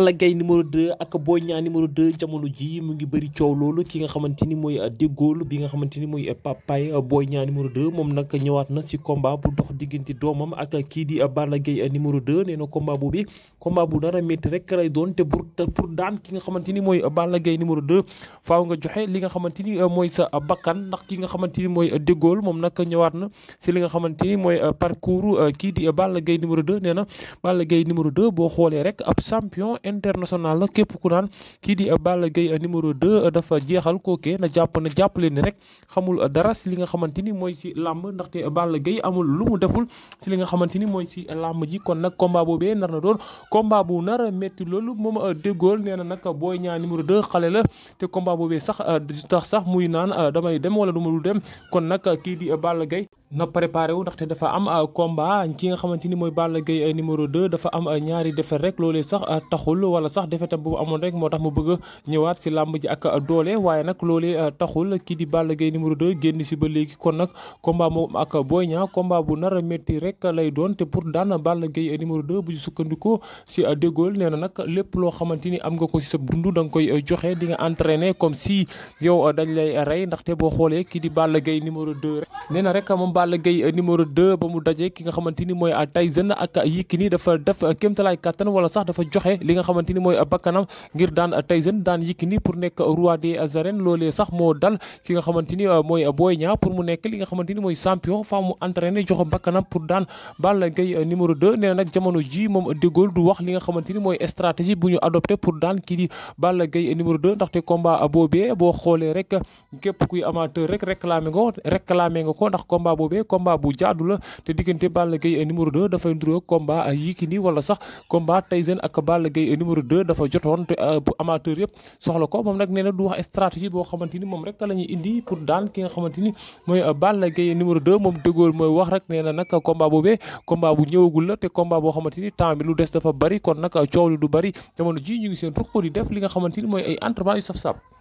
Balla gay numéro 2 ak Boy Niang numéro 2 jamono ji mu ngi bëri coow loolu ki nga xamante ni mooy déggool bi nga xamante ni mooy papay Boy Niang numéro 2 moom nag ñëwaat na ci combat bu dox diggante doomam ak kii di Balla Gaye numéro 2 nee na combat boobu combat bu dara métti rek lay doon te pour pour daan ki nga xamante ni mooy Balla Gaye numéro 2 faaw nga joxe li nga xamante ni mooy sa bakkan ndax ki nga xamante ni mooy déggool moom nag ñëwaat na ci li nga xamante ni mooy parcours kii di Balla Gaye numéro 2 nee na Balla Gaye numéro 2 boo xoolee rek ab champion international la képp ku naan kii di Balla Gaye numéro 2 dafa jeexal ke na jàpp na jàppale ni rek xamul dara si li nga xamante ni mooy si làmb ndaxte Balla Gaye amul lu deful si li nga xamante ni mooy si làmb ji kon nag combat boobee nar na doon combat bu nar a métti loolu moom euh, déggool nee na nag booy Niang numéro 2 xale la te combat boobee sax euh, du tax sax muy naan euh, damay dem wala du ma dem kon nag kii di Balla Gaye na préparé wu ndaxte dafa am euh, combat ki nga xamante ni mooy Balla Gaye euh, numéro 2 dafa am euh, ñaari defet rek loolee sax taxul wala sax defetam boobu amoon rek moo tax mu bëgg ñëwaat si làmb ji ak doole waaye nag loolee taxul kii di Balla Gaye numéro 2 génn si ba léegi kon nag combat moom ak Boy Niang combat bu nar a métti rek lay doon te pour daan Balla Gaye numéro 2 bu sukkandikoo si déggool nee na nag lépp loo xamante ni am nga ko si sa dund da nga koy joxe di nga entraîné comme si yow dañ lay rey ndaxte boo xoolee kii di Balla Gaye numéro 2 rek rek Balla Gaye euh, numéro 2 ba mu dajee ki nga ni mooy euh, Tyson ak Yékini dafa def euh, kéemtalaay kattan wala sax dafa joxe li nga xamante ni mooy bakkanam ngir daan Tyson daan Yékini pour nekk roi des arènes loolee sax moo dal ki nga xamante ni mooy Boy Niang pour mu nekk li nga xamante ni mooy champion faa mu entraîné joxe bakkanam pour daan Balla Gaye numéro 2 nee na nag jamono ji moom déggool du wax li nga xamante ni mooy stratégie bu ñu adopté pour daan kii di Balla Gaye numéro 2 ndaxte combat boobee boo xoolee rek képp kuy amateur rek réclamé nga réclamé nga ko ndax combat boobu boobee combat bu jaadu la te diggante Balla Gaye numéro 2 dafay nduróo combat Yékini wala sax combat Tyson ak Balla Gaye numéro 2 dafa jotoon te euh, amateur yëpp soxla ko moom nag nee na du wax stratégie boo xamante ni moom rek la ñuy indi pour daan ki nga xamante ni mooy euh, Balla Gaye numéro 2 moom dëggool mooy wax rek nee na nag combat boobee combat bu ñëwagul la te combat boo xamante ni temps lu des dafa bari kon nag coow li du bari jamono ji ñu ngi seen ruq di def li nga xamante ni mooy ay entraînement yu